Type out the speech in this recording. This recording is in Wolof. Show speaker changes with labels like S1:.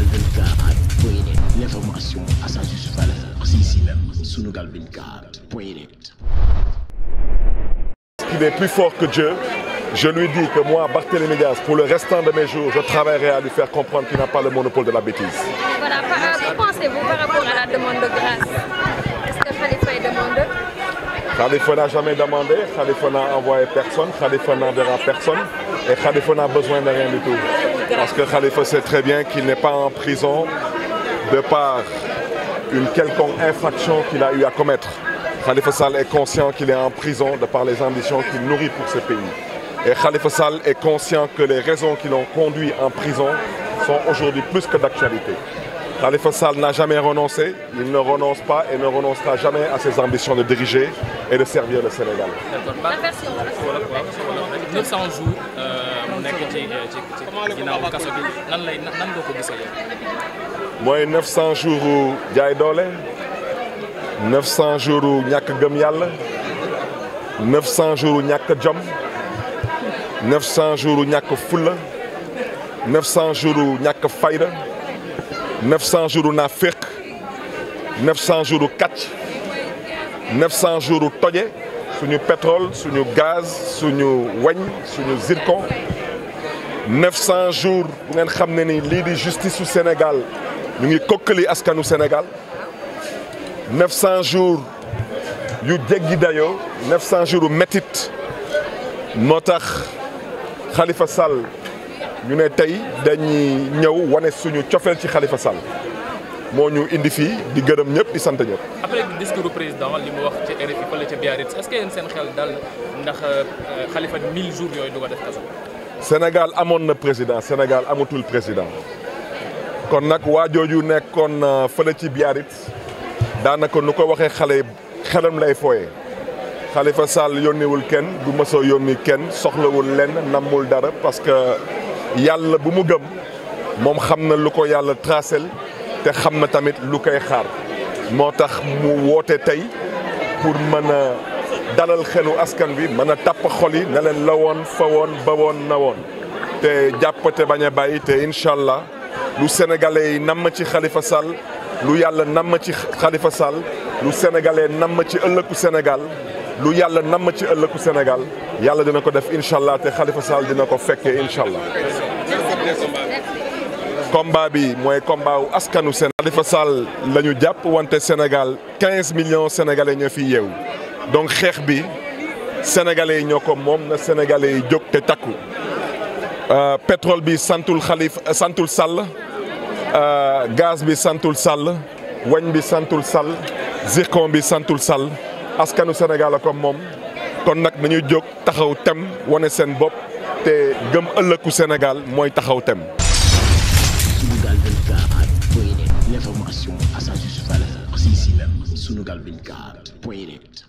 S1: Sunugal 24 point net l'information à sa juste valeur c'est ici est plus fort que Je lui dis que moi, Barthélémy pour le restant de mes jours, je travaillerai à lui faire comprendre qu'il n'a pas le monopole de la bêtise. Voilà, pensez-vous par rapport à la demande de grâce? Est-ce que Khalifa est demandeur? Khalifa n'a jamais demandé, Khalifa n'a envoyé personne, Khalifa n'enverra personne et Khalifa n'a besoin de rien du tout. Parce que Khalifa sait très bien qu'il n'est pas en prison de par une quelconque infraction qu'il a eu à commettre. Khalifa Sall est conscient qu'il est en prison de par les ambitions qu'il nourrit pour ce pays. Et Khalifa Sall est conscient que les raisons qui l'ont conduit en prison sont aujourd'hui plus que d'actualité. Khalifa Sall n'a jamais renoncé, il ne renonce pas et ne renoncera jamais à ses ambitions de diriger et de servir le Sénégal. ci ci ginnaaw ko gisee yow. mooy 900 jours jaay doole 900 jours ñàkk gëm yàlla 900 jours ñàkk jom 900 jours ñàkk fulla 900 jours ñàkk fayda 900 jours naa féq 900 jours kàcc 900 jours toje suñu pétrole suñu gaz suñu weñ suñu zircon. 900 jours bu ngeen xam ne ni lii di justice su Sénégal ñu ngi kokkali askanu Sénégal 900 jours yu jéggi dayoo 900 jours yu métit moo tax xalifa sal ñu ne tey dañuy ñëw wane suñu cofeel ci xalifa Sall moo ñu indi fii di gërëm ñëpp di sant ñëpp. après discours président li mu wax ci RFI fële ci Biarritz est-ce que seen xel dal ndax euh, Khalifa 1000 jours yooyu du ko def kaso. Sénégal amoon na président Sénégal amatul président kon nag waa jooju nekkoon na euh, fële ci Biarritz daanaka nu ko waxee xale xelam lay fooye Khalifa Sall yónniwul kenn du mësoo yónni kenn soxlawul lenn nammul dara parce que yàlla bu mu gëm moom xam na lu ko yàlla tracel te xam na tamit lu koy xaar moo tax mu woote tey pour mën a dalal xelu askan wi mën a tàpp xol yi ne leen la woon fa woon ba woon na woon te jàppate bañ a bàyyi te incha allah lu sénégalais yi namm ci xalifa Sall lu yàlla namm ci Khalifa Sall lu sénégalais namm ci ëllëgu Sénégal lu yàlla namm ci ëllëku Sénégal yàlla dina ko def incha allah te Khalifa Sall dina ko fekkee incha allah. combat bi mooy combat wu askanu Sénégal. Khalifa Sall jàpp wante Sénégal 15 millions sénégalais ñoo fi yeewu. donc xeex bi sénégalais yi ñoo ko moom na sénégalais yi jóg te takku euh, pétrole bi santul xalifa santul sàll euh, gaz bi santul sàll wañ bi santul sal zircon bi santul sàll askanu Sénégal ko moom kon nag nañu jóg taxaw tem wane seen bopp te gëm ëllëgu Sénégal mooy taxaw tem information à sa juste valeur, c'est ici même, sunugal24.net